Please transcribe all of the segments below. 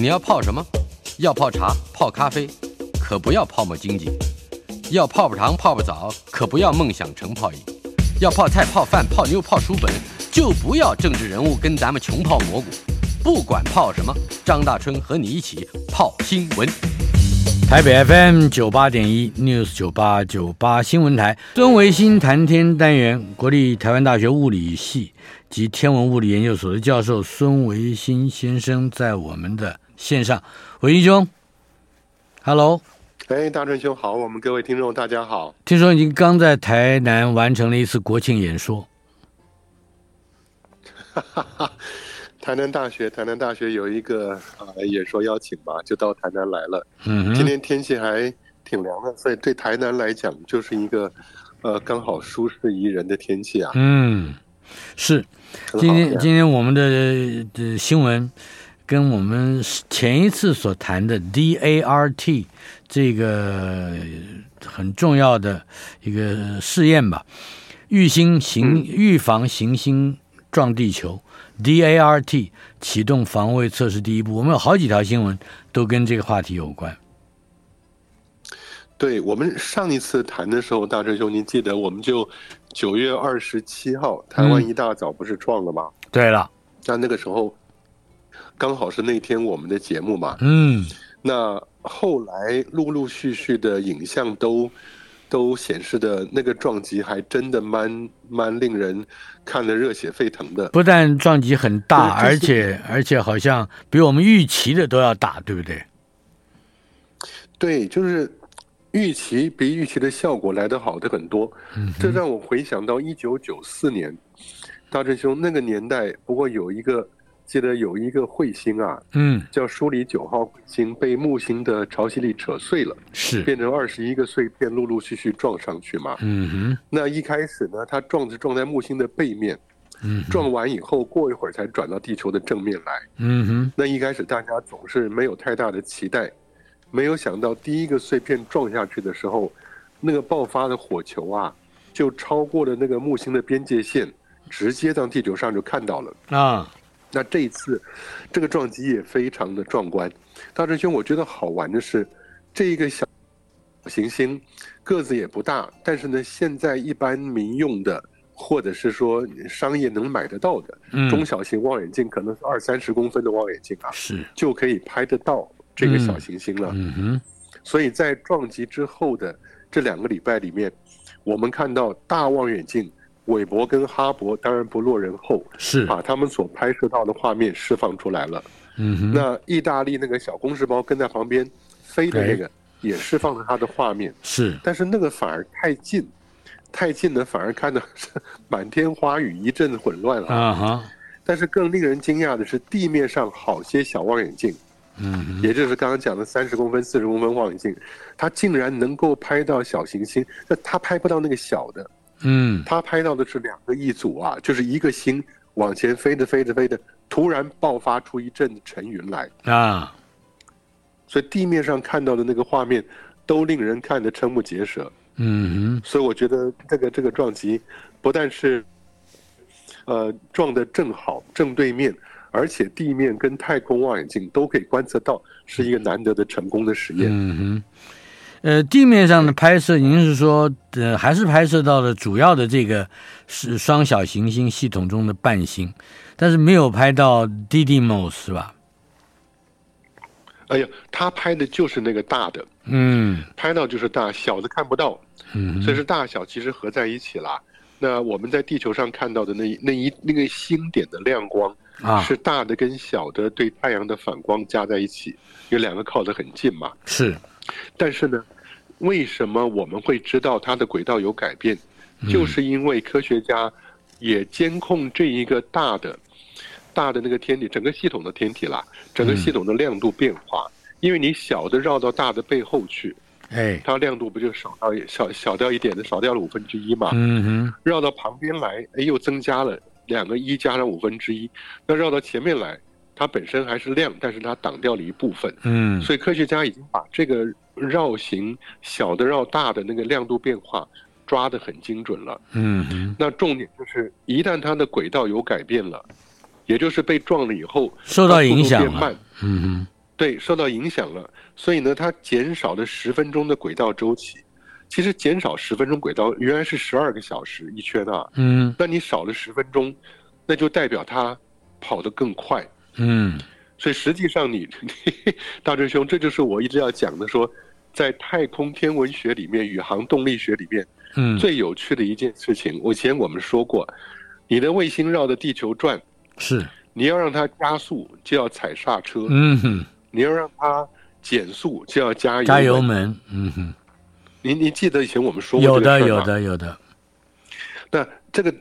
你要泡什麼？要泡茶、泡咖啡，可不要泡沫經濟；要泡泡糖、泡泡澡，可不要夢想成泡影；要泡菜、泡飯、泡妞、泡書本，就不要政治人物跟咱們窮泡蘑菇。不管泡什麼，張大春和你一起泡新聞。台北 FM 九八點一 News 九八九八新聞台，孫維新談天單元，國立台灣大學物理系及天文物理研究所的教授孫維新先生在我們的。線上，維新兄 Hello，哎，大春兄好，我們各位聽眾大家好。聽說您剛在台南完成了一次國慶演說，哈哈，台南大學，台南大學有一個啊、呃、演說邀請吧，就到台南來了。嗯哼，今天，天天氣還挺涼的，所以對台南來講就是一個呃剛好舒適宜人的天氣啊。嗯，是，今天今天我們的、呃、新聞。跟我們前一次所談的 DART 這個很重要的一個試驗吧，預星行預防行星撞地球，DART 啟動防衛測試第一步。我們有好幾條新聞都跟這個話題有關。對，我們上一次談的時候，大春兄，您記得？我們就九月二十七號，台灣一大早不是撞了嗎？對了，但那個時候。剛好是那天我們的節目嘛，嗯，那後來陸陸續續的影像都都顯示的那個撞擊還真的蠻蠻令人看得熱血沸騰的。不但撞擊很大，是是而且而且好像比我們預期的都要大，對不對？對，就是預期比預期的效果來得好的很多。嗯、哼這讓我回想到一九九四年，大春兄那個年代，不過有一個。記得有一個彗星啊，嗯，叫舒里九號彗星，被木星的潮汐力扯碎了，是變成二十一個碎片，陸陸續續撞上去嘛。嗯哼，那一開始呢，它撞是撞在木星的背面，嗯哼，撞完以後過一會兒才轉到地球的正面來。嗯哼，那一開始大家總是沒有太大的期待，沒有想到第一個碎片撞下去的時候，那個爆發的火球啊，就超過了那個木星的邊界線，直接到地球上就看到了啊。那這一次，這個撞擊也非常的壯觀。大春兄，我覺得好玩的是，這一個小行星，個子也不大，但是呢，現在一般民用的，或者是說商業能買得到的，中小型望遠鏡可能是二三十公分的望遠鏡啊，是就可以拍得到這個小行星了。嗯，嗯哼，所以在撞擊之後的這兩個禮拜裡面，我們看到大望遠鏡。韋伯跟哈伯當然不落人後，是把他們所拍攝到的畫面釋放出來了。嗯哼，那意大利那個小公事包跟在旁邊飛的那個也釋放了他的畫面。哎、是，但是那個反而太近，太近的反而看的是滿天花雨一陣子混亂了啊哈。但是更令人驚訝的是，地面上好些小望遠鏡，嗯哼，也就是剛剛講的三十公分、四十公分望遠鏡，他竟然能夠拍到小行星，那他拍不到那個小的，嗯，他拍到的是兩個一組啊，就是一個星往前飛着飛着飛着，突然爆發出一陣塵雲來啊。所以地面上看到的那個畫面，都令人看得瞠目結舌。嗯哼，所以我覺得這個這個撞擊不但是，呃，撞得正好正對面，而且地面跟太空望遠鏡都可以觀測到，是一個難得的成功的實驗。嗯哼。呃，地面上的拍攝，您是說，呃，還是拍攝到的主要的這個是雙小行星系統中的伴星，但是沒有拍到 Didymos 是吧？哎呀，他拍的就是那個大的，嗯，拍到就是大，小的看不到，嗯，所以是大小其實合在一起了。那我們在地球上看到的那那一，那一，那個星點的亮光啊，是大的跟小的對太陽的反光加在一起，有兩個靠得很近嘛，是。但是呢，為什麼我們會知道它的軌道有改變？嗯、就是因為科學家也監控這一個大的、大的那個天體，整個系統的天體啦，整個系統的亮度變化。嗯、因為你小的繞到大的背後去，哎，它亮度不就少到小小掉一點的，少掉了五分之一嘛。嗯哼，繞到旁邊來，哎，又增加了兩個一加上五分之一，那繞到前面來。它本身還是亮，但是它擋掉了一部分，嗯，所以科學家已經把這個繞行小的繞大的那個亮度變化抓得很精準了，嗯，那重點就是一旦它的軌道有改變了，也就是被撞了以後受到影響了，慢，嗯，對，受到影響了，所以呢，它減少了十分鐘的軌道周期，其實減少十分鐘軌道原來是十二個小時一圈啊，嗯，那你少了十分鐘，那就代表它跑得更快。嗯，所以實際上你，你大春兄，這就是我一直要講的說，說在太空天文學裡面，宇航動力學裡面，嗯，最有趣的一件事情。以前我們說過，你的衛星繞着地球轉，是你要讓它加速，就要踩剎車，嗯哼，你要讓它減速，就要加油加油門，嗯哼。你你記得以前我們說過有的有的有的。有的有的那這個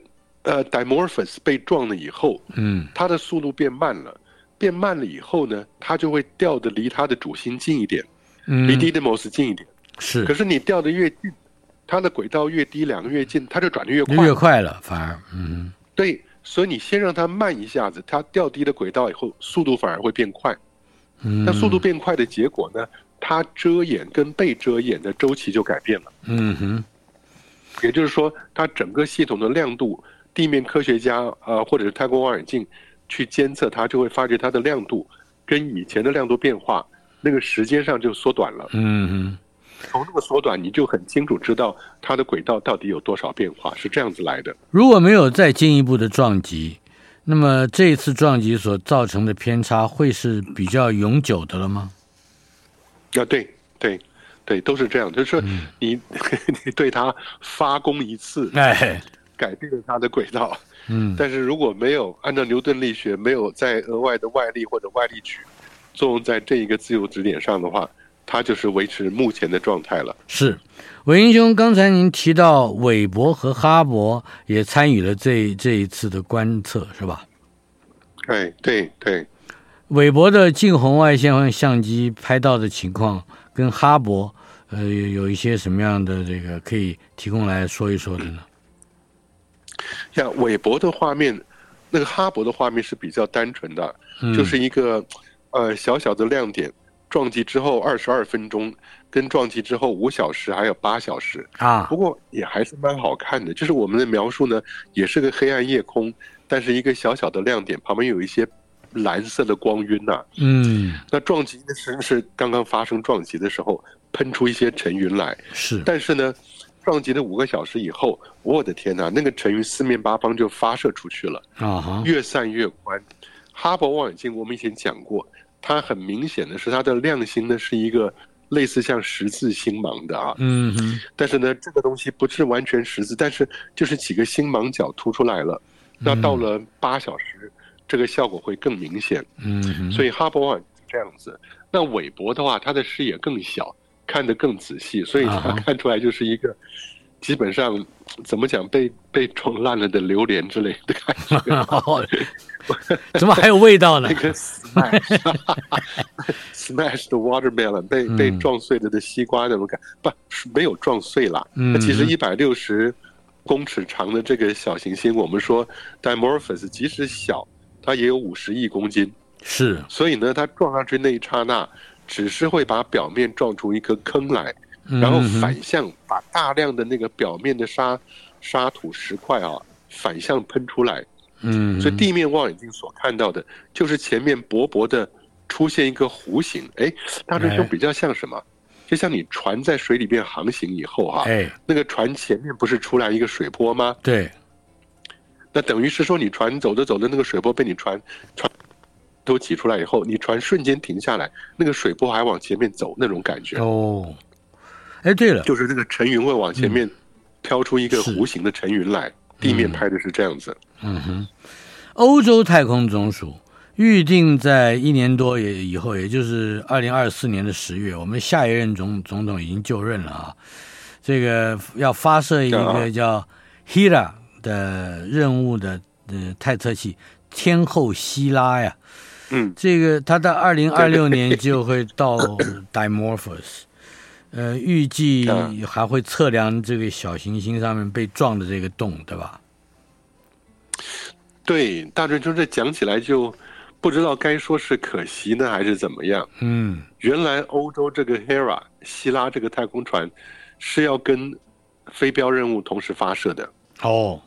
呃，Dimorphos 被撞了以後，嗯，它的速度變慢了。嗯變慢了以後呢，它就會掉得離它的主星近一點，嗯，離 Didymos 近一點，是。可是你掉得越近，它的軌道越低，兩個越近，它就轉的越、越快，越快了，反而，嗯，對。所以你先讓它慢一下子，它掉低的軌道以後，速度反而會變快，嗯、那速度變快的結果呢，它遮掩跟被遮掩的周期就改變了，嗯哼。也就是說，它整個系統的亮度，地面科學家啊、呃，或者是太空望遠鏡。去監測它，就會發覺它的亮度跟以前的亮度變化，那個時間上就縮短了。嗯嗯，從這個縮短，你就很清楚知道它的軌道到底有多少變化，是這樣子來的。如果沒有再進一步的撞擊，那麼這一次撞擊所造成的偏差會是比較永久的了嗎？啊，對對對，都是這樣，就是說你、嗯、 你對它發功一次，哎。改變了它的軌道，嗯，但是如果沒有按照牛頓力學，沒有再額外的外力或者外力矩作用在這一個自由質點上的話，它就是維持目前的狀態了。是，維新兄，剛才您提到韋伯和哈伯也參與了這這一次的觀測，是吧？哎，對對，韋伯的近紅外線相機拍到的情況跟哈伯，呃，有一些什麼樣的這個可以提供來說一說的呢？嗯像韋伯的畫面，那個哈勃的畫面是比較單純的，嗯、就是一個呃小小的亮點，撞擊之後二十二分鐘，跟撞擊之後五小時還有八小時啊，不過也還是蠻好看的。啊、就是我們的描述呢，也是個黑暗夜空，但是一個小小的亮點旁邊有一些藍色的光暈吶、啊。嗯，那撞擊的是是剛剛發生撞擊的時候噴出一些塵雲來是，但是呢。撞擊了五個小時以後，我，我的天哪，啊，那個塵雲四面八方就發射出去了，uh huh. 越散越寬。哈伯望遠鏡我們以前講過，它很明顯的是它的亮星呢是一個類似像十字星芒的啊，嗯、uh huh. 但是呢，這個東西不是完全十字，但是就是幾個星芒角突出來了。那到了八小時，這個效果會更明顯。嗯、uh，huh. 所以哈伯望遠鏡這樣子，那韋伯的話，它的視野更小。看得更仔細，所以它看出來就是一個基本上怎麼講被被撞爛了的榴蓮之類的感覺。 怎麼還有味道呢？那個 smash, smash the watermelon 被被撞碎了的西瓜那麼敢？不，沒有撞碎了。嗯，其實一百六十公尺長的這個小行星， 我們說，Dimorphos，即使小，它也有五十億公斤。是，所以呢，它撞上去那一剎那。只是會把表面撞出一個坑來，然後反向把大量的那個表面的沙、沙土、石塊啊反向噴出來。嗯，所以地面望遠鏡所看到的就是前面薄薄的出現一個弧形。哎，大致就比較像什麼？哎、就像你船在水裡面航行以後啊，哎、那個船前面不是出來一個水波嗎？對，那等於是說你船走着走着，那個水波被你船船。都擠出來以後，你船瞬間停下來，那個水波還往前面走，那種感覺。哦，哎，對了，就是那個塵雲會往前面飄出一個弧形的塵雲來，是地面拍的是這樣子。嗯哼，歐洲太空總署預定在一年多以以後，也就是二零二四年的十月，我們下一任總總統已經就任了啊，這個要發射一個叫 Hera 的任務的。呃，探測器天後希拉呀，嗯，這個它到二零二六年就會到 Dimorphus， 呃，預計還會測量這個小行星上面被撞的這個洞，對吧？對，大致就這講起來就不知道該說是可惜呢，還是怎麼樣？嗯，原來歐洲這個 Hera 希拉這個太空船是要跟飛鏢任務同時發射的哦。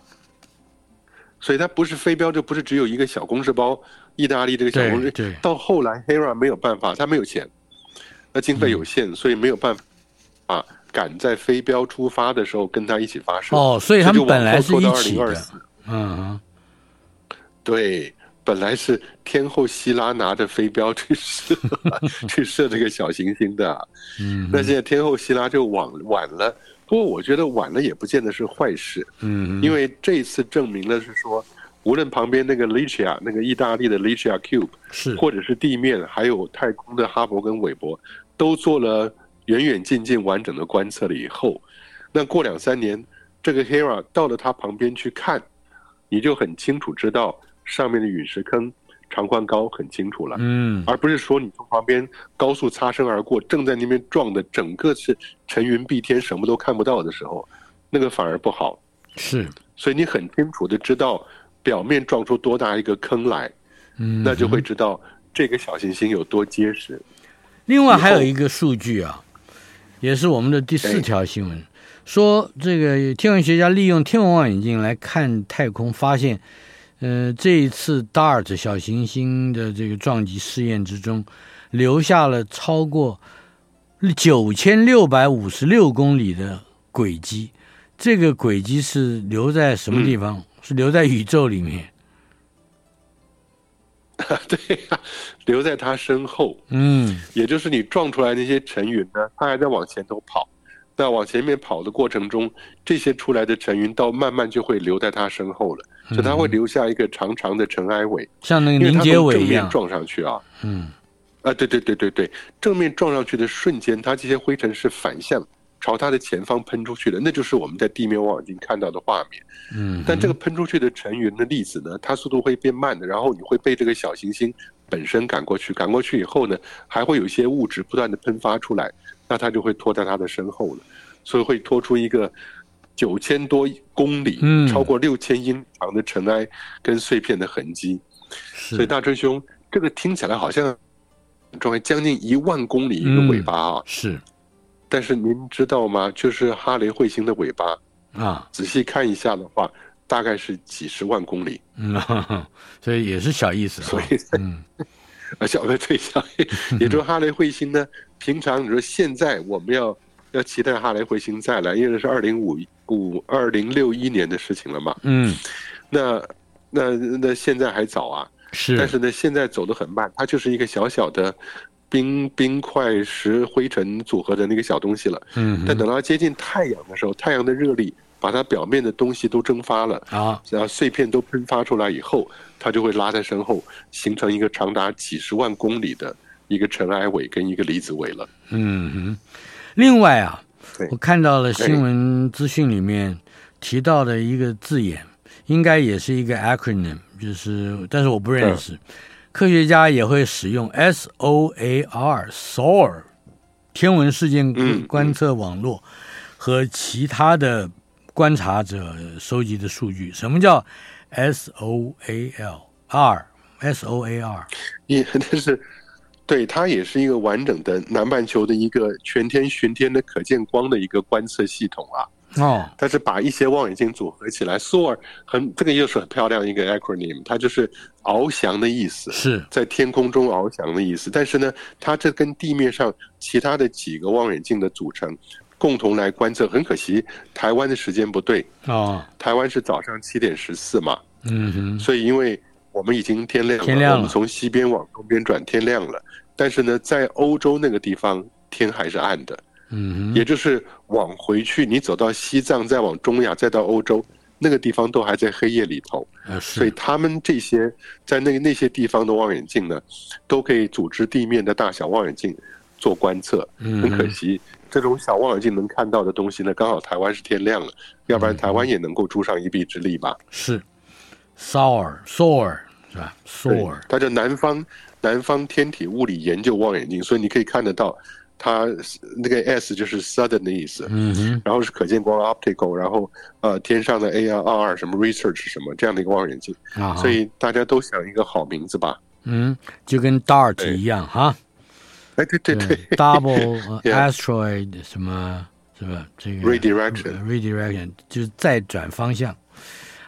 所以它不是飛鏢，就不是只有一個小公式包。意大利這個小公式到後來，Hera 沒有辦法，他沒有錢，那經費有限，所以沒有辦法、嗯、啊，趕在飛鏢出發的時候跟他一起發射。哦，所以他們以就本來是一起的，嗯，對，本來是天後希拉拿着飛鏢去射 去射這個小行星的，嗯哼，那現在天後希拉就晚晚了。不過我覺得晚了也不見得是壞事，嗯，因為這次證明的是說，無論旁邊那個利奇亞，那個意大利的利奇亞 Cube，是或者是地面，還有太空的哈伯跟韋伯，都做了遠遠近近完整的觀測了以後，那過兩三年，這個 Hera 到了他旁邊去看，你就很清楚知道上面的隕石坑。長寬高很清楚了，嗯，而不是說你從旁邊高速擦身而過，正在那邊撞的，整個是塵雲蔽天，什麼都看不到的時候，那個反而不好。是，所以你很清楚的知道表面撞出多大一個坑來，嗯，那就會知道這個小行星有多結實。另外還有一個數據啊，後也是我們的第四條新聞，對說這個天文學家利用天文望遠鏡來看太空，發現。呃，這一次 DART 小行星的這個撞擊試驗之中，留下了超過九千六百五十六公里的軌跡。這個軌跡是留在什麼地方？嗯，是留在宇宙裡面？對啊，留在他身後。嗯，也就是你撞出來那些塵雲呢，它還在往前頭跑。那往前面跑的過程中，這些出來的塵雲，到慢慢就會留在他身後了，所以他會留下一個長長的塵埃尾，像那個凝結尾一樣。正面撞上去啊，嗯，啊，對對對對對，正面撞上去的瞬間，它這些灰塵是反向朝它的前方噴出去的，那就是我們在地面望遠鏡看到的畫面。嗯，但這個噴出去的塵雲的粒子呢，它速度會變慢的，然後你會被這個小行星本身趕過去，趕過去以後呢，還會有一些物質不斷的噴發出來，那它就會拖在他的身後了，所以會拖出一個九千多公里，超過六千英長的塵埃跟碎片的痕跡。嗯、所以大春兄，是這個聽起來好像，將近一萬公里一個尾巴啊，嗯、是。但是您知道嗎？就是哈雷彗星的尾巴啊，仔細看一下的話。大概是幾十萬公里，嗯、哦，所以也是小意思、哦、所以，嗯，小的對象也就是哈雷彗星呢？平常你說現在我們要要期待哈雷彗星再來，因為是二零五五二零六一年的事情了嘛。嗯，那那那現在還早啊。是，但是呢，現在走得很慢，它就是一個小小的冰冰塊、石灰塵組合的那個小東西了。嗯，但等到接近太陽的時候，太陽的熱力。把它表面的東西都蒸發了啊，然後碎片都噴發出來以後，它就會拉在身後，形成一個長達幾十萬公里的一個塵埃尾跟一個離子尾了。嗯哼，另外啊，對我看到了新聞資訊裡面提到的一個字眼，對應該也是一個 acronym，就是但是我不認識，對科學家也會使用 S O A R，SOAR 天文事件觀測網絡、嗯嗯、和其他的。觀察者收集的數據，什麼叫 S O A、L、R S O A R？你，但是對它也是一個完整的南半球的一個全天巡天的可見光的一個觀測系統啊。哦，它是把一些望遠鏡組合起來。SOAR 很這個又是很漂亮一個 acronym，它就是翱翔的意思，是在天空中翱翔的意思。但是呢，它這跟地面上其他的幾個望遠鏡的組成。共同來觀測，很可惜，台灣的時間不對啊。哦、台灣是早上七點十四嘛，嗯哼。所以，因為我們已經天亮了，天亮了我們從西邊往東邊轉，天亮了。但是呢，在歐洲那個地方天還是暗的，嗯哼。也就是往回去，你走到西藏，再往中亞，再到歐洲，那個地方都還在黑夜裡頭。啊、是。所以他們這些在那那些地方的望遠鏡呢，都可以組織地面的大小望遠鏡做觀測。嗯哼，很可惜。這種小望遠鏡能看到的東西呢，剛好台灣是天亮了，要不然台灣也能夠助上一臂之力吧？嗯、是，SOAR SOAR 是吧？SOAR、嗯、它叫南方南方天體物理研究望遠鏡，所以你可以看得到它，它那個 S 就是 Southern 的意思，嗯，然後是可見光 Optical，然後呃天上的 A R R 什麼 Research 什麼這樣的一個望遠鏡，啊、哈所以大家都想一個好名字吧？嗯，就跟 Dart 一樣對哈。對對對，對，double asteroid Yeah. 什麼是吧？這個 redirection，redirection Red 就是再轉方向。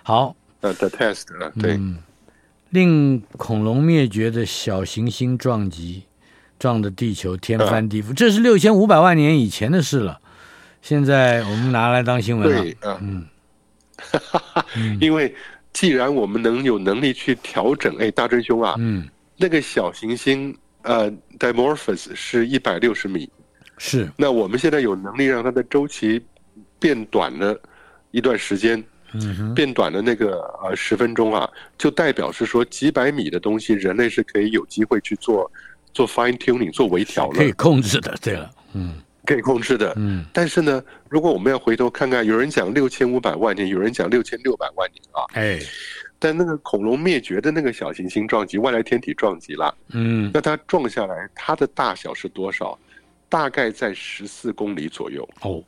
好，的 uh, test 了，對、嗯。令恐龍滅絕的小行星撞擊，撞的地球天翻地覆，啊、這是六千五百萬年以前的事了。現在我們拿來當新聞了，對啊、嗯。 因為既然我們能有能力去調整，哎，大春兄啊，嗯，那個小行星。呃 Dimorphos、uh, 是一百六十米，是。那我們現在有能力讓它的週期變短了，一段時間，嗯、哼變短了那個呃十分鐘啊，就代表是說幾百米的東西，人類是可以有機會去做做 fine tuning，做微調了，可以控制的，對了，嗯，可以控制的。嗯，但是呢，如果我們要回頭看看，有人講六千五百萬年，有人講六千六百萬年啊。哎。在那個恐龍滅絕的那個小行星撞擊、外來天體撞擊了，嗯，那它撞下來，它的大小是多少？大概在十四公里左右哦。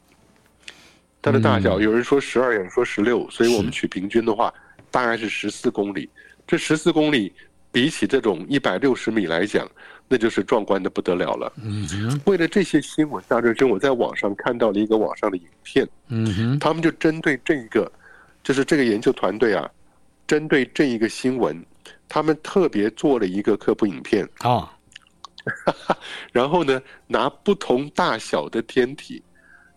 它的大小，有人說十二，有人說十六，所以我們取平均的話，大概是十四公里。這十四公里比起這種一百六十米來講，那就是壯觀的不得了了。嗯，為了這些新聞，夏瑞軍我在網上看到了一個網上的影片，嗯，他們就針對這個，就是這個研究團隊啊。針對這一個新聞，他們特別做了一個科普影片哦，然後呢，拿不同大小的天體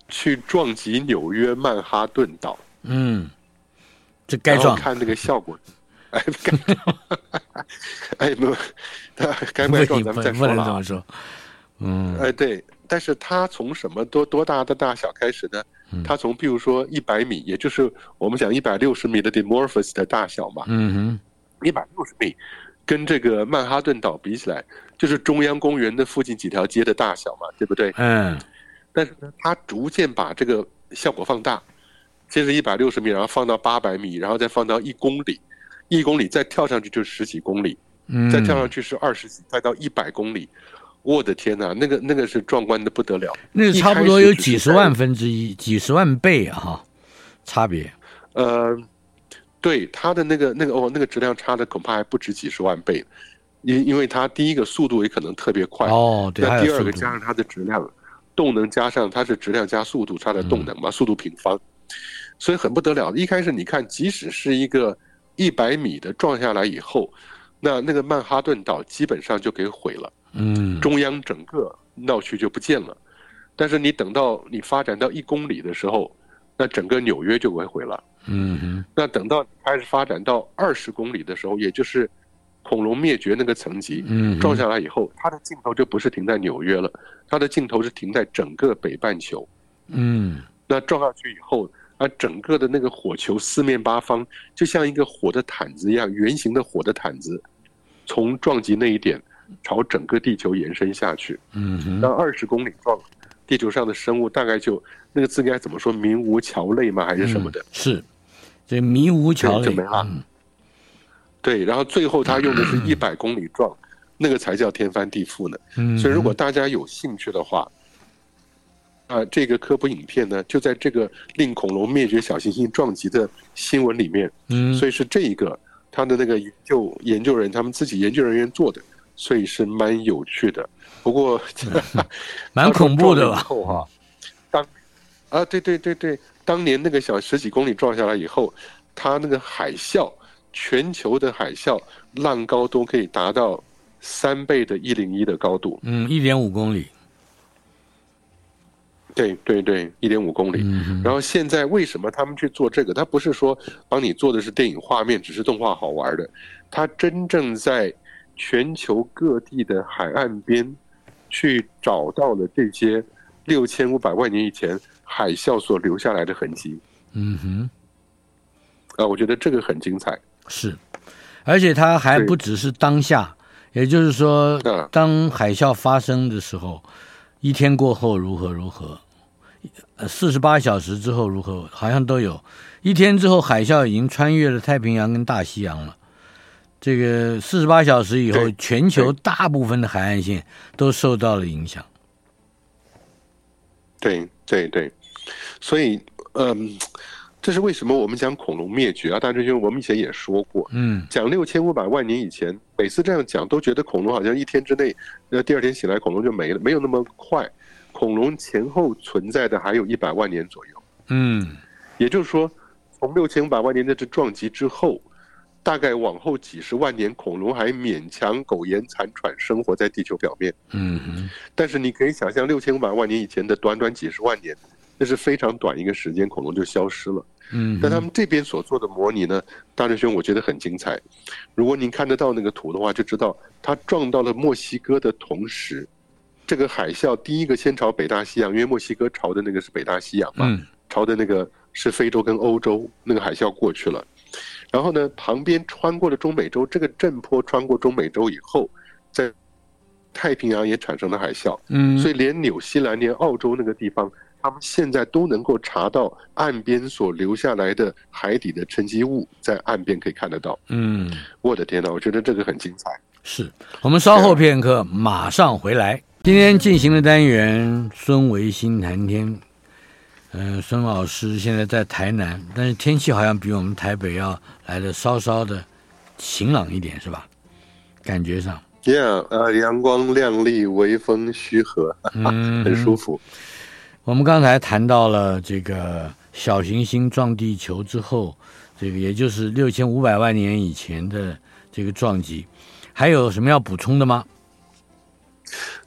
去撞擊紐約曼哈頓島。嗯，這該撞看那個效果， 哎，該撞，不、 哎，該不該撞不說咱們再說了。嗯，哎對。但是它從什麼多多大的大小開始呢？它從譬如說一百米，也就是我們講一百六十米的 Dimorphos 的大小嘛，一百六十米跟這個曼哈頓島比起來，就是中央公園的附近幾條街的大小嘛，對不對？嗯。但是呢，它逐漸把這個效果放大，接著一百六十米，然後放到八百米，然後再放到一公里，一公里再跳上去就是十幾公里，再跳上去是二十幾，再到一百公里。我的天哪，那個那個是壯觀的不得了，那個差不多有幾十萬分之一，幾十萬倍啊，差別。呃，對，它的那個那個哦，那個質量差的恐怕還不止幾十萬倍，因因為它第一個速度也可能特別快，哦，對，那第二個加上它的質量，動能加上它是質量加速度，它的動能嘛，速度平方，嗯，所以很不得了。一開始你看，即使是一個一百米的撞下來以後，那那個曼哈頓島基本上就給毀了。嗯，中央整個鬧區就不見了，但是你等到你發展到一公里的時候，那整個紐約就會毀了。嗯，那等到你開始發展到二十公里的時候，也就是恐龍滅絕那個層級，嗯，撞下來以後，它的鏡頭就不是停在紐約了，它的鏡頭是停在整個北半球。嗯，那撞下去以後，啊，整個的那個火球四面八方，就像一個火的毯子一樣，圓形的火的毯子，從撞擊那一點。朝整個地球延伸下去，嗯，那二十公里撞，地球上的生物大概就那個字應該怎麼說？名無橋類嗎？還是什麼的？嗯、是，這民無橋類，就對、啊嗯、對，然後最後他用的是一百公里撞，嗯、那個才叫天翻地覆呢。嗯，所以如果大家有興趣的話，啊、呃，這個科普影片呢，就在這個令恐龍滅絕小行星，星撞擊的新聞裡面。嗯，所以是這一個他的那個研究研究人他們自己研究人員做的。所以是蠻有趣的，不過、嗯、蠻恐怖的吧？ 我當啊，對對對對，當年那個小十幾公里撞下來以後，它那個海嘯，全球的海嘯浪高都可以達到三倍的一零一的高度，嗯，一點五公里。對對對，一點五公里。嗯、哼然後現在為什麼他們去做這個？他不是說幫你做的是電影畫面，只是動畫好玩的，他真正在。全球各地的海岸邊，去找到了這些六千五百萬年以前海嘯所留下來的痕迹。嗯哼，啊，我覺得這個很精彩。是，而且它還不只是當下，對也就是說，當海嘯发生的時候，啊、一天過後如何如何，四十八小時之後如何，好像都有。一天之後海嘯已經穿越了太平洋跟大西洋了。這個四十八小時以後，全球大部分的海岸線都受到了影響對。對對對，所以嗯，這是為什麼我們講恐龍滅絕啊？但是因為，我們以前也說過，嗯，講六千五百萬年以前，每次這樣講都覺得恐龍好像一天之內，呃，第二天醒來恐龍就沒了，沒有那麼快。恐龍前後存在的還有一百萬年左右，嗯，也就是說，從六千五百萬年那次撞擊之後。大概往後幾十萬年，恐龍還勉強苟延殘喘，生活在地球表面。嗯哼，但是你可以想象，六千五百萬年以前的短短幾十萬年，那是非常短一個時間，恐龍就消失了。嗯哼，但他們這邊所做的模擬呢，大春兄，我覺得很精彩。如果您看得到那個圖的話，就知道它撞到了墨西哥的同時，這個海嘯第一個先朝北大西洋，因為墨西哥朝的那個是北大西洋嘛，嗯、朝的那個是非洲跟歐洲，那個海嘯過去了。然後呢，旁邊穿過了中美洲，這個震波穿過中美洲以後，在太平洋也產生了海嘯。嗯，所以連紐西蘭、連澳洲那個地方，他們現在都能夠查到岸邊所留下來的海底的沉積物，在岸邊可以看得到。嗯，我的天哪，我覺得這個很精彩。是我們稍後片刻馬上回來。是今天進行的單元《孫維新談天》。嗯、呃，孫老師現在在台南，但是天氣好像比我們台北要來的稍稍的晴朗一點，是吧？感覺上這樣，yeah, 呃，陽光亮麗，微風徐和， 很舒服、嗯。我們剛才談到了這個小行星撞地球之後，這個也就是六千五百萬年以前的這個撞擊，還有什麼要補充的嗎？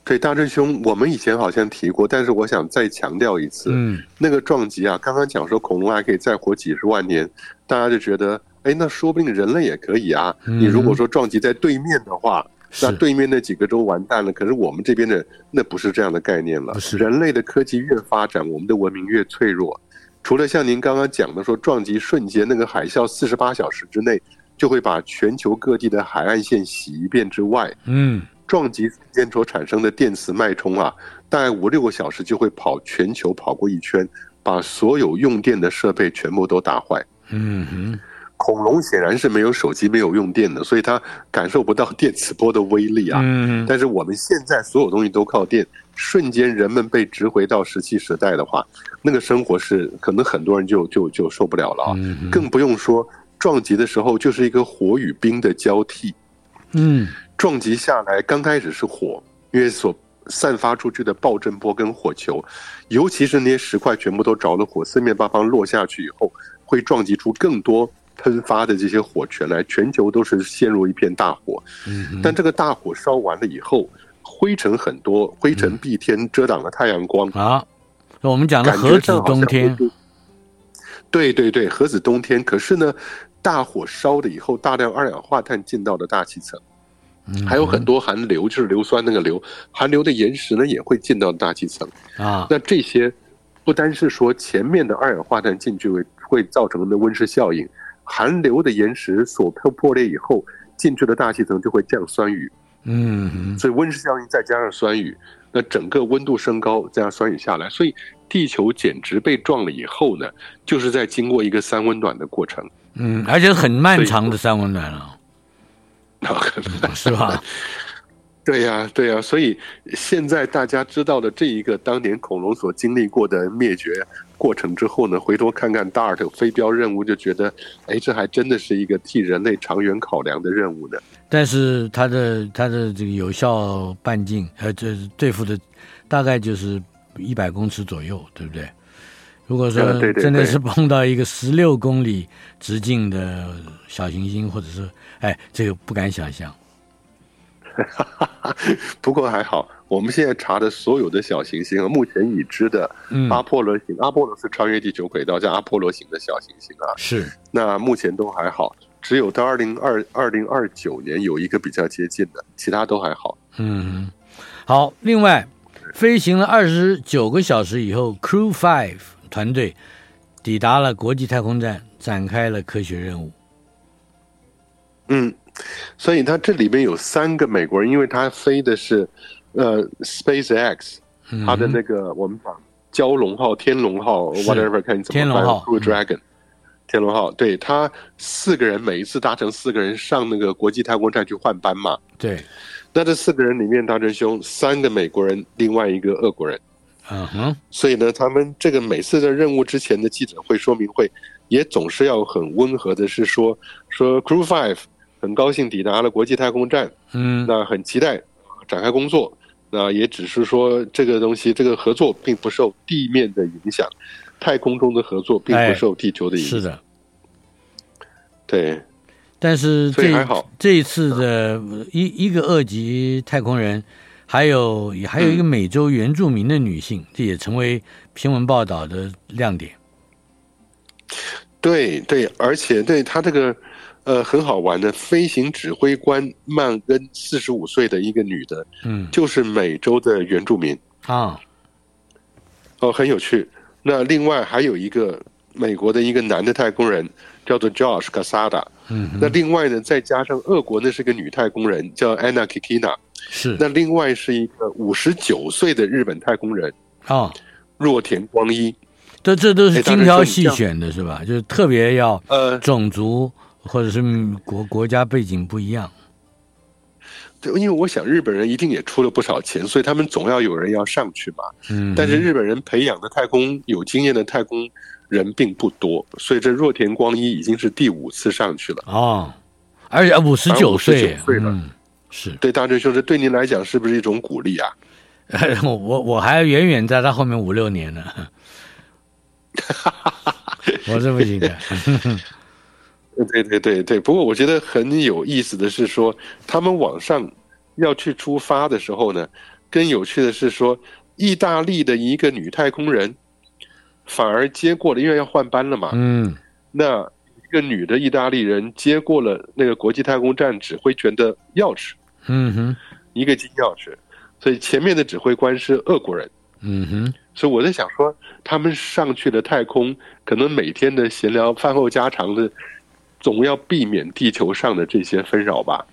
對，大春兄，我們以前好像提過，但是我想再強調一次。嗯，那個撞擊啊，剛剛講說恐龍還可以再活幾十萬年，大家就覺得，哎，那說不定人類也可以啊。嗯、你如果說撞擊在對面的話，那對面那幾個州完蛋了。是，可是我們這邊的那不是這樣的概念了。是人類的科技越發展，我們的文明越脆弱。除了像您剛剛講的說，撞擊瞬間那個海嘯，四十八小時之內就會把全球各地的海岸線洗一遍之外，嗯。撞擊瞬間所產生的電磁脈衝啊，大概五六個小時就會跑全球跑過一圈，把所有用電的設備全部都打壞。嗯哼恐龍顯然是沒有手機、沒有用電的，所以它感受不到電磁波的威力啊。嗯、哼但是我們現在所有東西都靠電，瞬間人們被擲回到石器時代的話，那個生活是可能很多人就就就受不了了啊。嗯、哼更不用說撞擊的時候就是一個火與冰的交替。嗯。撞擊下來，剛開始是火，因為所散發出去的爆震波跟火球，尤其是那些石塊全部都着了火，四面八方落下去以後，會撞擊出更多噴發的這些火泉來，全球都是陷入一片大火。嗯，但這個大火燒完了以後，灰塵很多，灰塵蔽天，遮擋了太陽光。嗯、啊，我們講的核子冬天。對對對，核子冬天。可是呢，大火燒了以後，大量二氧化碳進到了大氣層。嗯，還有很多含硫，就是硫酸那個硫，含硫的岩石呢，也會進到大氣層啊。那這些不單是說前面的二氧化碳進去會會造成的溫室效應，含硫的岩石所破破裂以後進去的大氣層就會降酸雨。嗯，所以溫室效應再加上酸雨，那整個溫度升高再讓酸雨下來，所以地球簡直被撞了以後呢，就是在經過一個三溫暖的過程。嗯，而且很漫長的三溫暖啊。可能、 嗯、是吧， 對呀、啊，對呀、啊，所以現在大家知道了這一個當年恐龍所經歷過的滅絕過程之後呢，回頭看看 Dart 飛鏢任務，就覺得，哎，這還真的是一個替人類長遠考量的任務呢。但是它的它的這個有效半徑，呃，這是對付的大概就是一百公尺左右，對不對？如果說真的是碰到一個十六公里直徑的小行星，嗯、對對對，或者是哎，這個不敢想象。 不過還好，我們現在查的所有的小行星和目前已知的阿波羅型，嗯、阿波羅是穿越地球軌道叫阿波羅型的小行星啊。是，那目前都還好，只有到二零二二零二九年有一個比較接近的，其他都還好。嗯，好。另外，飛行了二十九個小時以後，Crew Five。團隊抵達了國際太空站，展開了科學任務。嗯，所以他這裡邊有三個美國人，因為他飛的是呃 SpaceX，他的那個、嗯、哼我們講蛟龍號、天龍號，whatever，看你怎麼翻譯。天龍號，天龍號，是 whatever, 對，他四個人每一次搭乘四個人上那個國際太空站去換班嘛。對，那這四個人裡面搭乘兄三個美國人，另外一個俄國人。嗯哼，所以呢，他們這個每次的任務之前的記者會說明會，也總是要很溫和的，是說說 Crew five 很高興抵達了國際太空站，嗯，那很期待展開工作，那也只是說這個東西，這個合作並不受地面的影響，太空中的合作並不受地球的影響，哎、是的，對，但是這所以還好，這一次的一一個二級太空人。還有也還有一個美洲原住民的女性，嗯、這也成為新聞報道的亮點對對，而且對她這個呃很好玩的飛行指揮官曼恩，四十五歲的一個女的，嗯，就是美洲的原住民啊，哦，很有趣。那另外還有一個美國的一個男的太空人。叫做 Josh Cassada 嗯哼，那另外呢，再加上俄國那是個女太空人叫 Anna Kikina，是，那另外是一個五十九歲的日本太空人啊，哦、若田光一，這這都是精挑細、細選的，是吧？就是特別要呃、呃種族或者是國國家背景不一樣，對，因為我想日本人一定也出了不少錢，所以他們總要有人要上去吧，嗯哼，但是日本人培養的太空有經驗的太空人並不多，所以這若田光一已經是第五次上去了哦，而且五十九歲了，嗯，是對大春兄，這對您來講是不是一種鼓勵啊？哎，我我還遠遠在他後面五六年呢， 我這麼理解。 對對對對，不過我覺得很有意思的是說，他們往上要去出發的時候呢，更有趣的是說，意大利的一個女太空人。反而接過了，因為要換班了嘛。嗯，那一個女的意大利人接過了那個國際太空站指揮權的鑰匙。嗯哼，一個金鑰匙。所以前面的指揮官是俄國人。嗯哼，所以我在想說，他們上去的太空，可能每天的閒聊、飯後家常的，總要避免地球上的這些紛擾吧。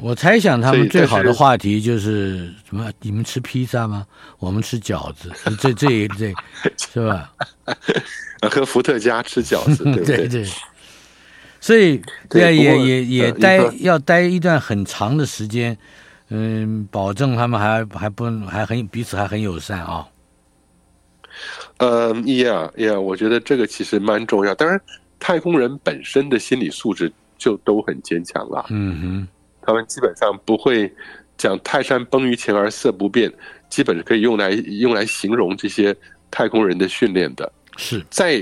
我猜想他們最好的話題就是，是什麼？你們吃披薩嗎？我們吃餃子。這這一這，這 是吧？喝伏特加吃餃子，對不對？ 對對。所以，對啊以過，也也也待、呃、要待一段很長的時間，嗯，保證他們還還不還很彼此還很友善啊。嗯，一樣一樣。我覺得這個其實蠻重要。當然，太空人本身的心理素質就都很堅強了。嗯哼。他們基本上不會講“泰山崩於前而色不變”，基本可以用來用來形容這些太空人的訓練的。是再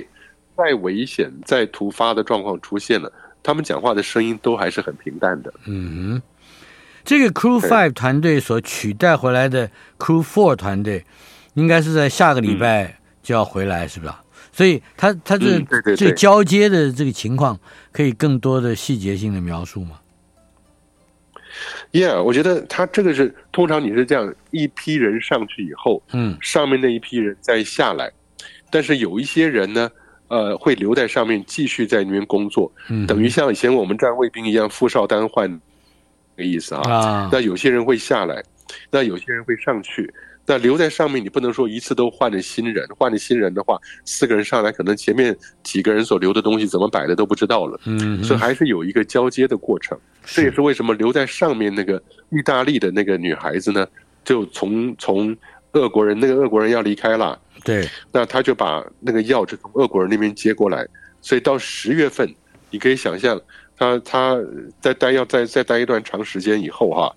再危險、再突發的狀況出現了，他們講話的聲音都還是很平淡的。嗯，這個 Crew Five 團隊所取代回來的 Crew Four 團隊，應該是在下個禮拜就要回來，嗯、是不是？所以他他這最交接的這個情況，可以更多的細節性的描述嗎？Yeah，我覺得他這個是通常你是這樣一批人上去以後，嗯，上面那一批人再下來，嗯、但是有一些人呢，呃，會留在上面繼續在那邊工作，嗯，等於像以前我們站衛兵一樣，副哨單換的意思啊。啊，那有些人會下來，那有些人會上去。那留在上面，你不能說一次都換了新人。換了新人的話，四個人上來，可能前面幾個人所留的東西怎麼擺的都不知道了。嗯，所以還是有一個交接的過程。這也是為什麼留在上面那個意大利的那個女孩子呢，就從從俄國人那個俄國人要離開了。對，那他就把那個鑰匙從俄國人那邊接過來。所以到十月份，你可以想象，他他在待要再再待一段長時間以後哈、啊，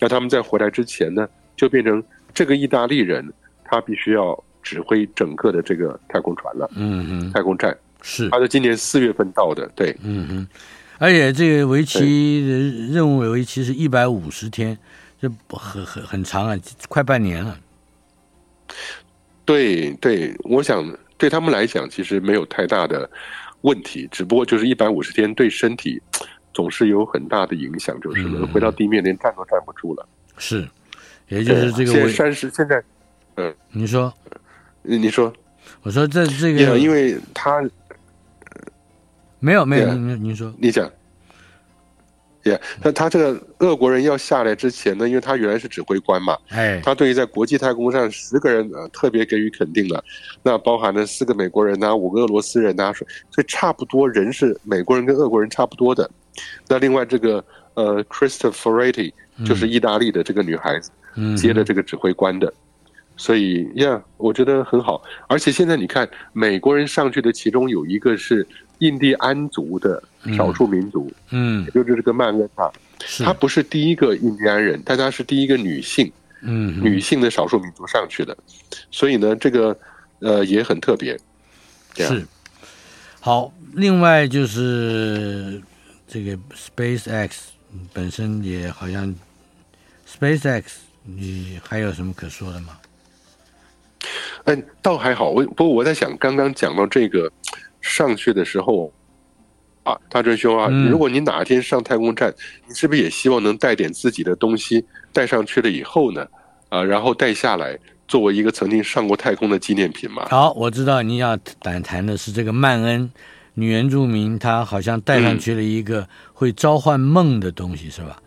那他們在回來之前呢，就變成。這個意大利人，他必須要指揮整個的這個太空船了，嗯嗯哼，太空站是，他是今年四月份到的，對，嗯嗯，而且這個為期的任務，為期是一百五十天，這很很很長啊，快半年了。對對，我想對他們來講，其實沒有太大的問題，只不過就是一百五十天對身體總是有很大的影響，就是回到地面連站都站不住了，嗯、是。也就是這個、嗯、現在三十、嗯、現在，嗯，你說你，你說，我說這這個，因為他沒有沒有，沒有 yeah, 你說你講，也、yeah, 那他這個俄國人要下來之前呢，因為他原來是指揮官嘛，哎，他對於在國際太空站十個人、呃、特別給予肯定的，那包含了四個美國人吶、啊，五個俄羅斯人吶、啊，所以差不多人是美國人跟俄國人差不多的。那另外這個呃 Cristoforetti 就是意大利的這個女孩子。嗯接了這個指揮官的，所以呀，yeah, 我覺得很好。而且現在你看，美國人上去的其中有一個是印第安族的少數民族，嗯，嗯也就是這個曼恩娜，是他不是第一個印第安人，但他是第一個女性，嗯，女性的少數民族上去的。嗯、所以呢，這個呃也很特別。是這樣，好。另外就是這個 SpaceX 本身也好像 SpaceX。你還有什麼可說的嗎？哎，倒還好。我不過我在想，剛剛講到這個上去的時候啊，大春兄啊，嗯、如果你哪一天上太空站，你是不是也希望能帶點自己的東西帶上去了以後呢？啊，然後帶下來作為一個曾經上過太空的紀念品嘛。好、哦，我知道你要談談的是這個曼恩女原住民，她好像帶上去了一個會召喚夢的東西，嗯、是吧？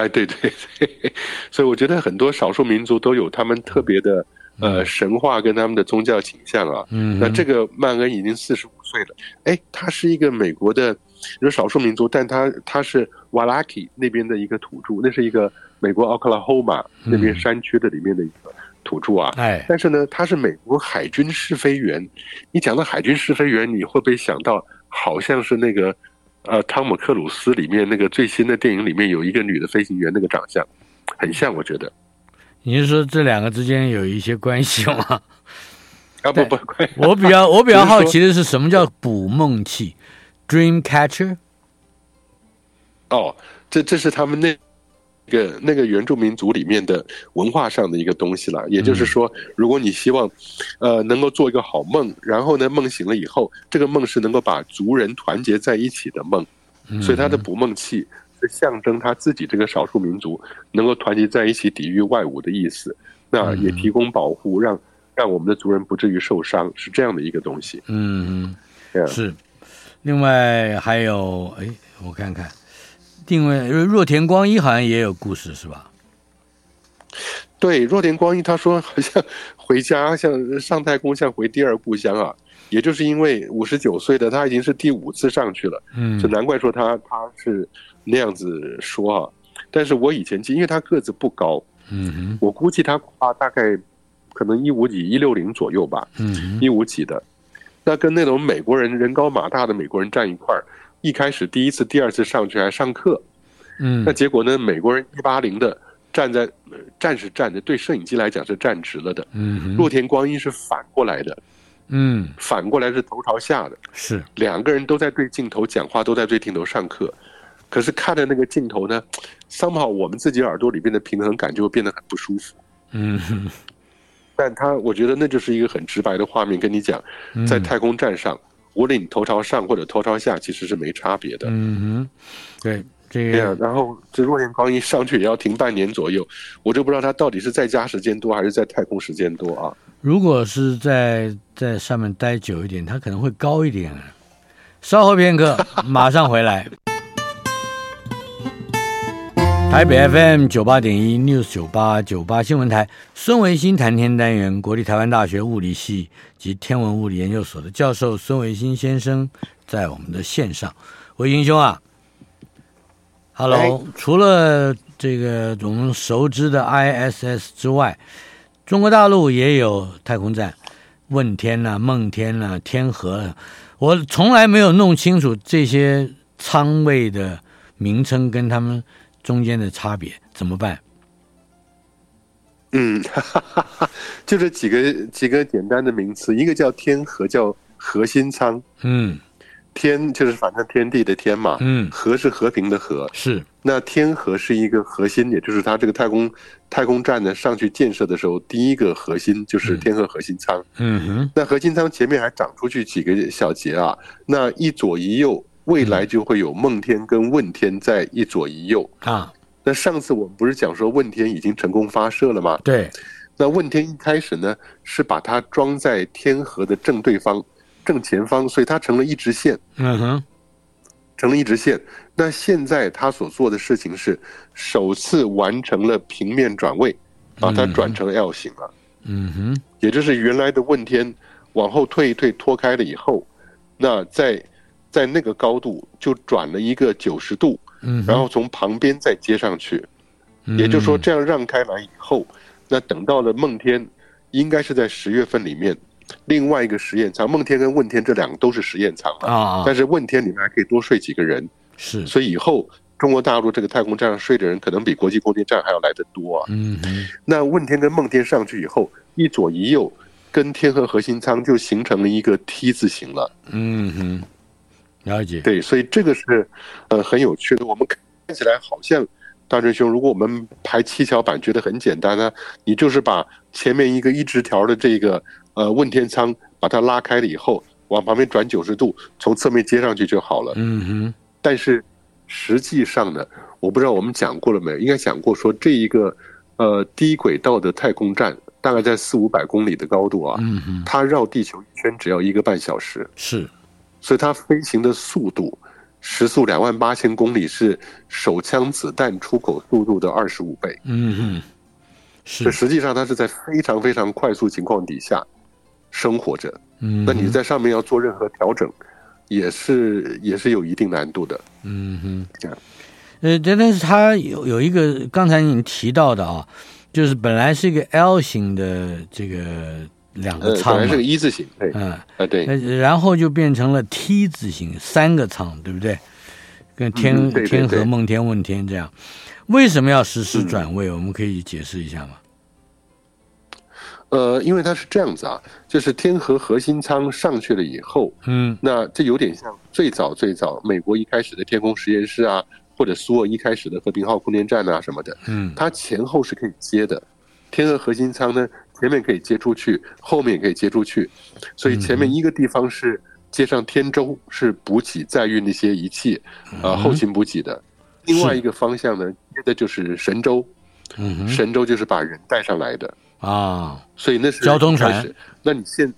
哎，對對對，所以我覺得很多少數民族都有他們特別的呃神話跟他們的宗教傾向啊。嗯，那這個曼恩已經四十五歲了，哎，他是一個美國的，你說少數民族，但他他是瓦拉提那邊的一個土著，那是一個美國奧克拉荷馬那邊山區的裡面的一個土著啊。哎，但是呢，他是美國海軍試飛員。你講到海軍試飛員，你會不會想到好像是那個？呃，湯姆克魯斯裡面那個最新的電影裡面有一個女的飛行員，那個長相很像，我覺得。你是說這兩個之間有一些關係嗎？啊不不， 我比較 說我比較好奇的是什麼叫捕夢器 （Dream Catcher）？哦，這這是他們那個那個原住民族裡面的文化上的一個東西了，也就是說，如果你希望，呃，能夠做一個好夢，然後呢，夢醒了以後，這個夢是能夠把族人團結在一起的夢，所以他的捕夢器是象徵他自己這個少數民族能夠團結在一起抵禦外侮的意思，那也提供保護，讓讓我們的族人不至於受傷，是這樣的一個東西。嗯，這樣，是。另外還有，哎，我看看。因為若田光一好像也有故事是吧？對，若田光一他說好像回家，像上太空，像回第二故鄉啊，也就是因為五十九歲的他已經是第五次上去了，嗯，就難怪說他他是那樣子說啊。但是我以前因為他個子不高，嗯哼，我估計他他大概可能一五幾，一六零左右吧，嗯哼，一五幾的，那跟那種美國人，人高馬大的美國人站一塊兒。一開始第一次、第二次上去還上課，嗯，那結果呢？美國人一八零的站在站是站的，對攝影機來講是站直了的，嗯，若田光一是反過來的，嗯，反過來是頭朝下的，是兩個人都在對鏡頭講話，都在對鏡頭上課，可是看着那個鏡頭呢，somehow 我們自己耳朵裡邊的平衡感就會變得很不舒服，嗯，但他我覺得那就是一個很直白的畫面，跟你講，在太空站上。無論你頭朝上或者頭朝下，其實是沒差別的。嗯對，這樣。啊、然後這若年光一上去也要停半年左右，我就不知道他到底是在家時間多還是在太空時間多啊？如果是在在上面待久一點，他可能會高一點，啊。稍後片刻，馬上回來。 台北 FM 九八點一 News 九八九八新聞台，孫維新談天單元，國立台灣大學物理系及天文物理研究所的教授孫維新先生在我們的線上。維新兄啊喂，Hello！除了這個我們熟知的 ISS 之外，中國大陸也有太空站，問天吶、啊、夢天吶、啊、天河。我從來沒有弄清楚這些艙位的名稱跟他們。中間的差別怎麼辦？嗯，哈哈就這、是、幾個幾個簡單的名詞，一個叫天和，叫核心艙。嗯，天就是反正天地的天嘛。嗯，和是和平的和。是，那天和是一個核心，也就是它這個太空太空站呢上去建設的時候，第一個核心就是天和核心艙。嗯哼，那核心艙前面還長出去幾個小節啊，那一左一右。未來就會有夢天跟問天在一左一右啊。那上次我們不是講說問天已經成功發射了嗎？對。那問天一開始呢是把它裝在天河的正對方、正前方，所以它成了一直線。嗯哼。成了一直線。那現在它所做的事情是首次完成了平面轉位，把它轉成 L 型了。嗯哼。也就是原來的問天往後退一退，脫開了以後，那在。在那個高度就轉了一個九十度，嗯，然後從旁邊再接上去，嗯、哼也就是說這樣讓開來以後，那等到了夢天應該是在十月份裡面另外一個實驗艙，夢天跟問天這兩個都是實驗艙啊，啊但是問天裡面還可以多睡幾個人，是，所以以後中國大陸這個太空站上睡的人可能比國際空間站還要來得多啊，嗯哼，那問天跟夢天上去以後一左一右跟天和核心艙就形成了一個 T 字形了，嗯哼。了解，對，所以這個是，呃，很有趣的。我們看起來好像，大春兄，如果我們排七巧板覺得很簡單呢，你就是把前面一個一直條的這個呃問天艙把它拉開了以後，往旁邊轉九十度，從側面接上去就好了。嗯哼。但是實際上呢，我不知道我們講過了沒有，應該講過說這一個呃低軌道的太空站，大概在四五百公里的高度啊，嗯哼。它繞地球一圈只要一個半小時。是。所以它飛行的速度，時速兩萬八千公里，是手槍子彈出口速度的二十五倍。嗯哼，是實際上它是在非常非常快速情況底下生活着。嗯，那你在上面要做任何調整，也是也是有一定難度的。嗯哼，這樣。呃，但是它有有一個剛才你提到的啊、哦，就是本來是一個 L 型的這個。兩個艙、嗯，還是個一字形。嗯，啊，對，嗯呃、對，然後就變成了 T 字形，三個艙，對不對？跟天、嗯、對對對天和夢天問天這樣，為什麼要實施轉位？嗯，我們可以解釋一下嗎？呃，因為它是這樣子啊，就是天和核心艙上去了以後，嗯，那這有點像最早最早美國一開始的天空實驗室啊，或者蘇俄一開始的和平號空間站啊什麼的，嗯，它前後是可以接的。天和核心艙呢，前面可以接出去，後面也可以接出去，所以前面一個地方是接上天舟，嗯、哼是補給載運那些儀器、呃，後勤補給的；另外一個方向呢，是接的就是神舟，嗯、哼神舟就是把人帶上來的啊。所以那是交通船。那你現，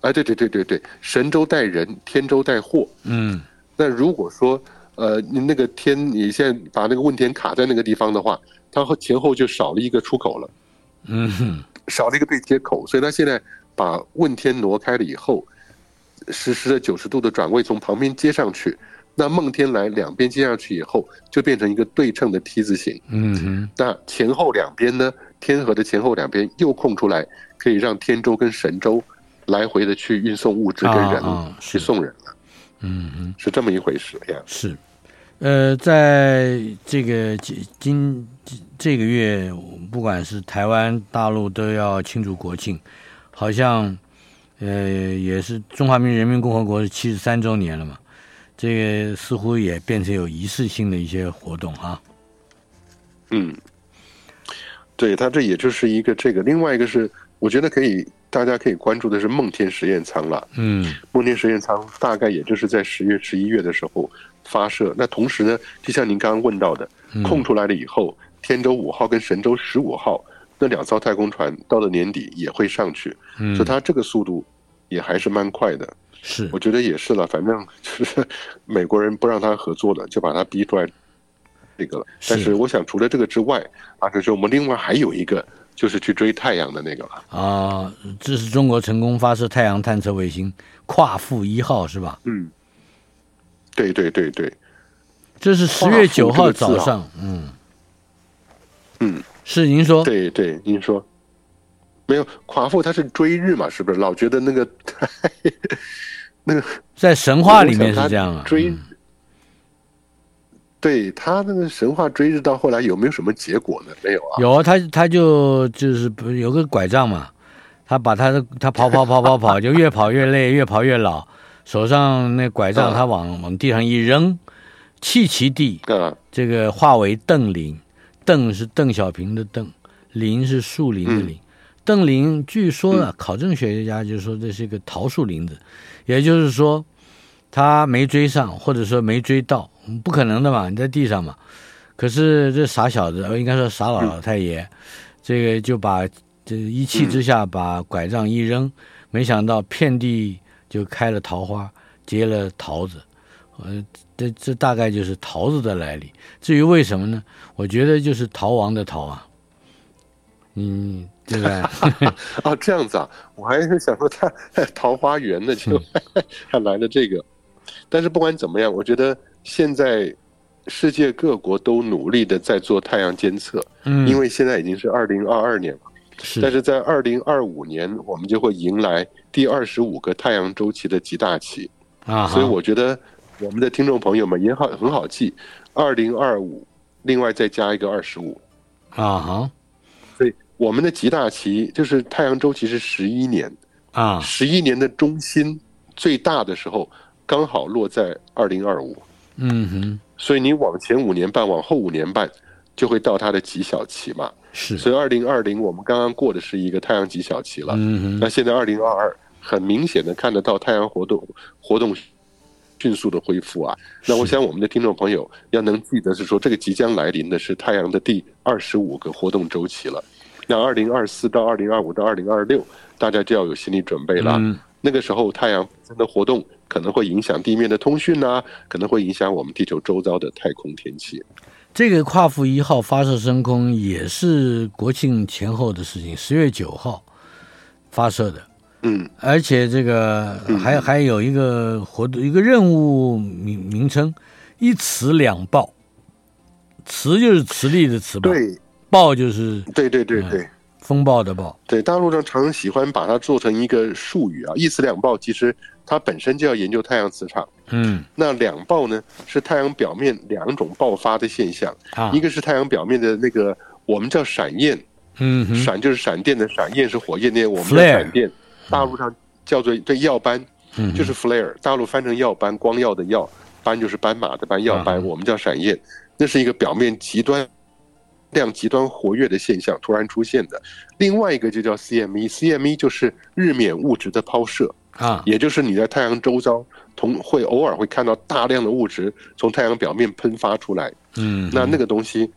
哎、啊、對對對對對，神舟帶人，天舟帶貨。嗯。那如果說呃你那個天，你現在把那個問天卡在那個地方的話，它前後就少了一個出口了。嗯哼。少了一個對接口，所以它現在把問天挪開了以後，實時的九十度的轉位，從旁邊接上去。那夢天來兩邊接上去以後，就變成一個對稱的 T 字形。嗯哼。那前後兩邊呢？天河的前後兩邊又空出來，可以讓天舟跟神舟來回的去運送物資跟人去送人了。哦哦嗯哼，是這麼一回事呀。是。呃，在這個今今，今這個月，不管是台灣、大陸，都要慶祝國慶，好像呃，也是中華人民共和國是七十三周年了嘛，這個似乎也變成有儀式性的一些活動哈、啊。嗯，對他這也就是一個這個，另外一個是，我覺得可以大家可以關注的是夢天實驗艙了。嗯，夢天實驗艙大概也就是在十月、十一月的時候。發射那同時呢，就像您剛剛問到的，嗯、空出來了以後，天舟五號跟神舟十五號那兩艘太空船到了年底也會上去，嗯，所以它這個速度也還是蠻快的，是，我覺得也是了，反正就是美國人不讓他合作的，就把他逼出來這個了。是。但是我想除了這個之外，可是我們另外還有一個就是去追太陽的那個了啊、呃，這是中國成功發射太陽探測衛星夸父一號是吧？嗯。對對對對，這是十月九號早上，嗯嗯，嗯，是您說？對對，您說。沒有，夸父他是追日嘛，是不是？老覺得那個太那個，在神話裡面是這樣啊，追。嗯、對他那個神話追日到後來有沒有什麼結果呢？沒有啊。有啊，他他就就是不是有個拐杖嘛，他把他的他跑跑跑跑跑 就越跑越累，越跑越老。手上那拐杖，他往往地上一扔，棄其地，這個化為鄧林，鄧是鄧小平的鄧，林是樹林的林。嗯、鄧林據說啊，考證學家就說這是一個桃樹林子，也就是說他沒追上，或者說沒追到，不可能的嘛，你在地上嘛。可是這傻小子，應該說傻老，老太爺，嗯、這個就把這一氣之下把拐杖一扔，沒想到遍地。就開了桃花，結了桃子，呃，這這大概就是桃子的來歷。至於為什麼呢？我覺得就是逃亡的逃啊，嗯，對不對？哦，這樣子啊，我還是想說他桃花源的就哼還來了這個，但是不管怎麼樣，我覺得現在世界各國都努力的在做太陽監測，嗯，因為現在已經是二零二二年了。但是在二零二五年，我們就會迎來第二十五個太陽週期的極大期，啊，所以我覺得我們的聽眾朋友們也好很好記，二零二五，另外再加一個二十五，啊哈，所以我們的極大期就是太陽週期是十一年，啊，十一年的中心最大的時候剛好落在二零二五，嗯哼，所以你往前五年半，往後五年半，就會到它的極小期嘛，是。所以二零二零我們剛剛過的是一個太陽極小期了。嗯嗯。那現在二零二二很明顯的看得到太陽活動活動迅速的恢復啊。那我想我們的聽眾朋友要能記得是說，這個即將來臨的是太陽的第二十五個活動週期了。那二零二四到二零二五到二零二六，大家就要有心理準備了。嗯。那個時候太陽的活動可能會影響地面的通訊啊，可能會影響我們地球周遭的太空天氣。這個“夸父一號”發射升空也是國慶前後的事情，十月九號發射的，嗯，而且這個還、嗯、還有一個活動，一個任務名名稱，一磁兩暴，磁就是磁力的磁吧，對，暴就是，對對對對。呃風暴的暴，對，大陸上常常喜歡把它做成一個術語啊，一磁兩暴，其實它本身就要研究太陽磁場。嗯，那兩暴呢，是太陽表面兩種爆發的現象。啊，一個是太陽表面的那個我們叫閃焰，嗯哼，閃就是閃電的閃，焰是火焰的焰，我們的閃電，are 大陸上叫做對耀斑，嗯、哼就是 flare，大陸翻成耀斑，光耀的耀，斑就是斑馬的斑，耀、啊、斑我們叫閃焰，那是一個表面極端。量極端活躍的現象突然出現的，另外一個就叫 CME，CME 就是日冕物質的拋射啊，也就是你在太陽周遭同會偶爾會看到大量的物質從太陽表面噴發出來，嗯，那那個東西，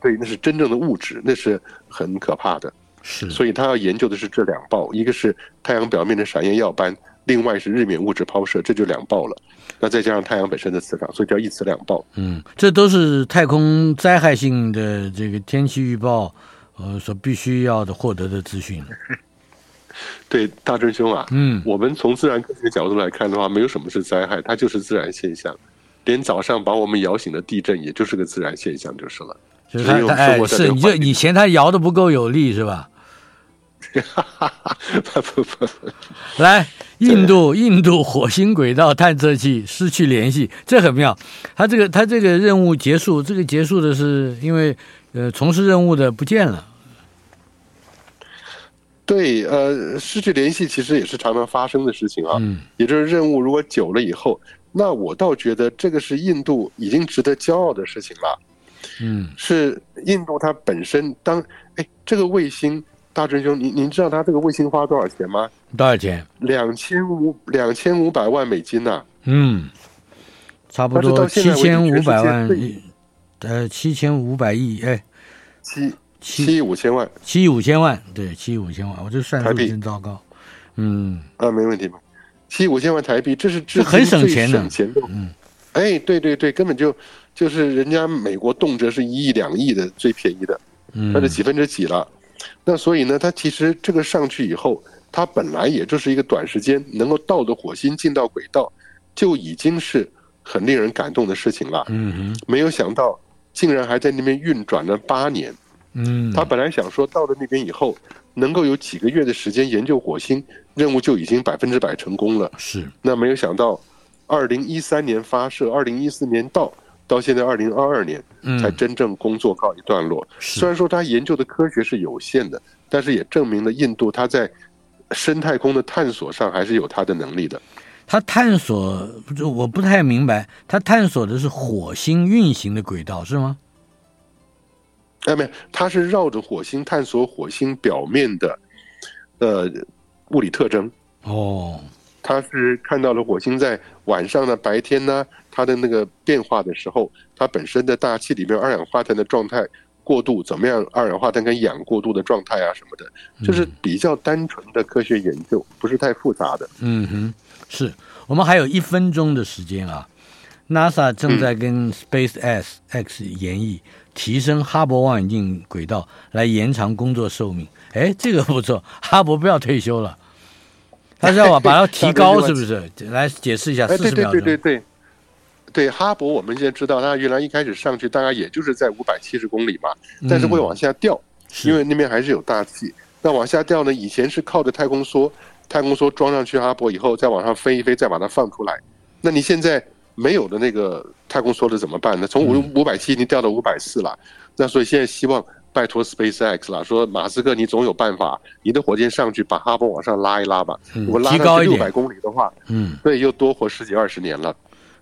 對，那是真正的物質，那是很可怕的，是，所以他要研究的是這兩暴，一個是太陽表面的閃焰耀斑，另外是日冕物質拋射，這就兩暴了。那再加上太陽本身的磁場，所以叫一磁兩暴。嗯，這都是太空災害性的這個天氣預報，呃，所必須要的獲得的資訊。對，大春兄啊，嗯，我們從自然科學角度來看的話，沒有什麼是災害，它就是自然現象。連早上把我們搖醒的地震，也就是個自然現象，就是了。就它是以，哎，是你就你嫌它搖的不夠有力，是吧？哈哈哈，不不不，來，印度印度火星軌道探測器，失去聯繫，這很妙。它這個它這個任務結束，這個結束的是因為，呃，從事任務的不見了。對，呃，失去聯繫其實也是常常發生的事情啊。嗯，也就是任務如果久了以後，那我倒覺得這個是印度已經值得驕傲的事情了。嗯，是印度它本身當哎這個衛星。大春兄，您您知道他這個衛星花多少錢嗎？多少錢？兩千五兩千五百萬美金吶、啊！嗯，差不多七千五百萬，呃，七千五百億哎，七七億五千萬，七億五千萬，對，七億五千萬，我這算數真糟糕。台幣。嗯啊，沒問題吧，七億五千萬台幣，這是這是最省錢的，省錢嗯，哎，對對對，根本就就是人家美國動輒是一億兩億的最便宜的，嗯，那是幾分之幾了？那所以呢，它其實這個上去以後，它本來也就是一個短時間能夠到的火星進到軌道，就已經是很令人感動的事情了。嗯，沒有想到竟然還在那邊運轉了八年。嗯，他本來想說到了那邊以後，能夠有幾個月的時間研究火星，任務就已經百分之百成功了。是，那沒有想到，二零一三年發射，二零一四年到。到現在二零二二年，才真正工作告一段落。嗯、雖然說他研究的科學是有限的，但是也證明了印度他在深太空的探索上還是有他的能力的。他探索，我不太明白，他探索的是火星運行的軌道是嗎？哎，沒有，他是繞着火星探索火星表面的，呃，物理特徵。哦，他是看到了火星在晚上的、白天呢、啊。它的那個變化的時候，它本身在大氣裡面二氧化碳的狀態過度怎麼樣？二氧化碳跟氧過度的狀態啊什麼的，就是比較單純的科學研究，不是太複雜的。嗯哼，是我們還有一分鐘的時間啊。NASA 正在跟 SpaceX X 研議、嗯、提升哈伯望遠鏡軌道來延長工作壽命。哎，這個不錯，哈伯不要退休了，它是要把它要提高，是不是？哎、來解釋一下，四十秒鐘。哎對對對對對對哈伯，我們現在知道，它原來一開始上去大概也就是在五百七十公里嘛，但是會往下掉，因為那邊還是有大氣。嗯、那往下掉呢，以前是靠着太空梭，太空梭裝上去哈伯以後再往上飛一飛，再把它放出來。那你現在沒有的那個太空梭的怎麼辦呢？從五五百七已經掉到五百四了，嗯、那所以現在希望拜托 SpaceX 了，說馬斯克你總有辦法，你的火箭上去把哈伯往上拉一拉吧，如果拉到六百公里的話，嗯，所以又多活十幾二十年了。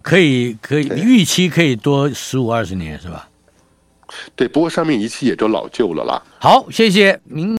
可以，可以對預期可以多十五二十年是吧？對，不過上面儀器也就老舊了啦。好，謝謝您。